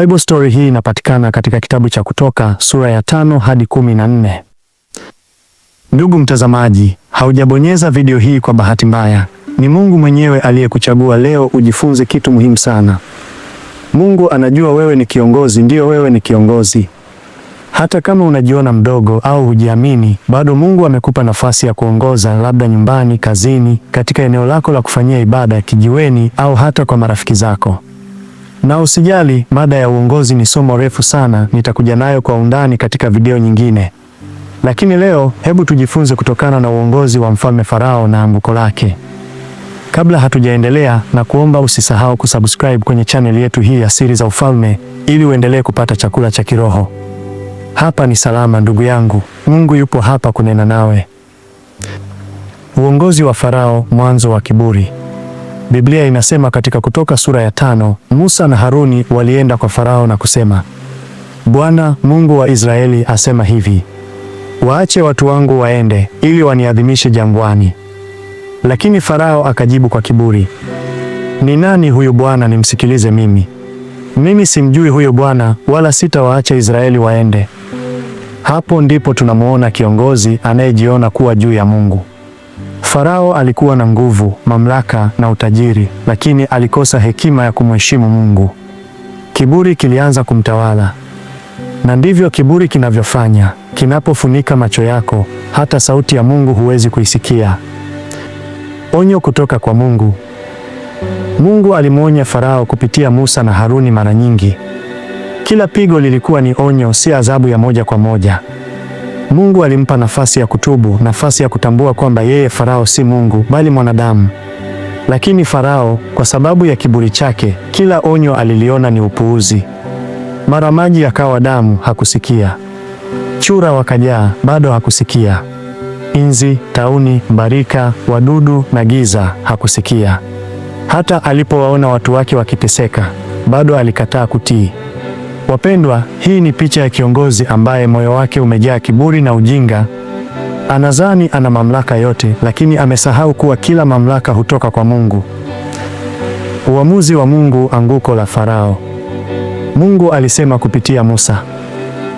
Bible story hii inapatikana katika kitabu cha Kutoka sura ya tano hadi kumi na nne. Ndugu mtazamaji, haujabonyeza video hii kwa bahati mbaya. Ni Mungu mwenyewe aliyekuchagua leo ujifunze kitu muhimu sana. Mungu anajua wewe ni kiongozi, ndiyo wewe ni kiongozi. Hata kama unajiona mdogo au hujiamini, bado Mungu amekupa nafasi ya kuongoza, labda nyumbani, kazini, katika eneo lako la kufanyia ibada, kijiweni, au hata kwa marafiki zako. Na usijali, mada ya uongozi ni somo refu sana, nitakuja nayo kwa undani katika video nyingine. Lakini leo hebu tujifunze kutokana na uongozi wa Mfalme Farao na anguko lake. Kabla hatujaendelea, na kuomba usisahau kusubscribe kwenye chaneli yetu hii ya Siri za Ufalme ili uendelee kupata chakula cha kiroho. Hapa ni salama ndugu yangu, Mungu yupo hapa kunena nawe. Uongozi wa Farao, mwanzo wa kiburi. Biblia inasema katika Kutoka sura ya tano, Musa na Haruni walienda kwa Farao na kusema, Bwana Mungu wa Israeli asema hivi, waache watu wangu waende ili waniadhimishe jangwani. Lakini Farao akajibu kwa kiburi, ni nani huyu Bwana nimsikilize mimi? Mimi simjui huyo Bwana, wala sitawaacha Israeli waende. Hapo ndipo tunamwona kiongozi anayejiona kuwa juu ya Mungu. Farao alikuwa na nguvu, mamlaka na utajiri, lakini alikosa hekima ya kumheshimu Mungu. Kiburi kilianza kumtawala. Na ndivyo kiburi kinavyofanya, kinapofunika macho yako, hata sauti ya Mungu huwezi kuisikia. Onyo kutoka kwa Mungu. Mungu alimwonya Farao kupitia Musa na Haruni mara nyingi. Kila pigo lilikuwa ni onyo, si adhabu ya moja kwa moja. Mungu alimpa nafasi ya kutubu, nafasi ya kutambua kwamba yeye Farao si Mungu bali mwanadamu. Lakini Farao kwa sababu ya kiburi chake, kila onyo aliliona ni upuuzi. Mara maji yakawa damu, hakusikia. Chura wakajaa, bado hakusikia. Inzi, tauni, mbarika, wadudu na giza, hakusikia. Hata alipowaona watu wake wakiteseka, bado alikataa kutii. Wapendwa, hii ni picha ya kiongozi ambaye moyo wake umejaa kiburi na ujinga. anazani ana mamlaka yote, lakini amesahau kuwa kila mamlaka hutoka kwa Mungu. Uamuzi wa Mungu, anguko la Farao. Mungu alisema kupitia Musa,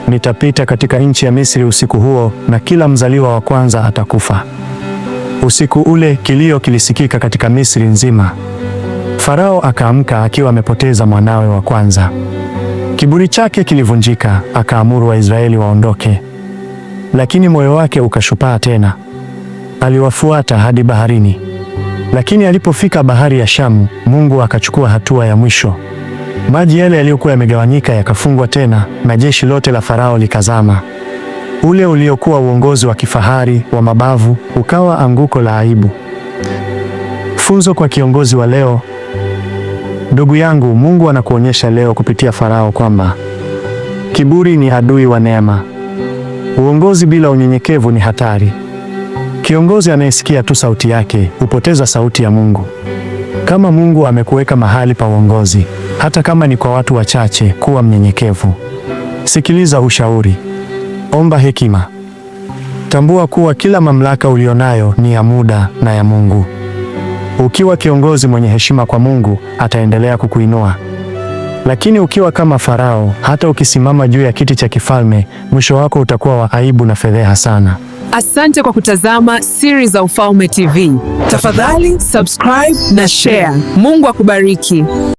nitapita katika nchi ya Misri usiku huo, na kila mzaliwa wa kwanza atakufa. Usiku ule kilio kilisikika katika Misri nzima. Farao akaamka akiwa amepoteza mwanawe wa kwanza. Kiburi chake kilivunjika, akaamuru Waisraeli waondoke, lakini moyo wake ukashupaa tena. Aliwafuata hadi baharini, lakini alipofika bahari ya Shamu, Mungu akachukua hatua ya mwisho. Maji yale yaliyokuwa yamegawanyika yakafungwa tena, na jeshi lote la Farao likazama. Ule uliokuwa uongozi wa kifahari wa mabavu ukawa anguko la aibu. Funzo kwa kiongozi wa leo: Ndugu yangu, Mungu anakuonyesha leo kupitia Farao kwamba kiburi ni adui wa neema. Uongozi bila unyenyekevu ni hatari. Kiongozi anayesikia tu sauti yake hupoteza sauti ya Mungu. Kama Mungu amekuweka mahali pa uongozi, hata kama ni kwa watu wachache, kuwa mnyenyekevu. Sikiliza ushauri, omba hekima, tambua kuwa kila mamlaka ulionayo ni ya muda na ya Mungu. Ukiwa kiongozi mwenye heshima kwa Mungu, ataendelea kukuinua. Lakini ukiwa kama Farao, hata ukisimama juu ya kiti cha kifalme, mwisho wako utakuwa wa aibu na fedheha sana. Asante kwa kutazama Siri za Ufalme TV. Tafadhali subscribe na share. Mungu akubariki.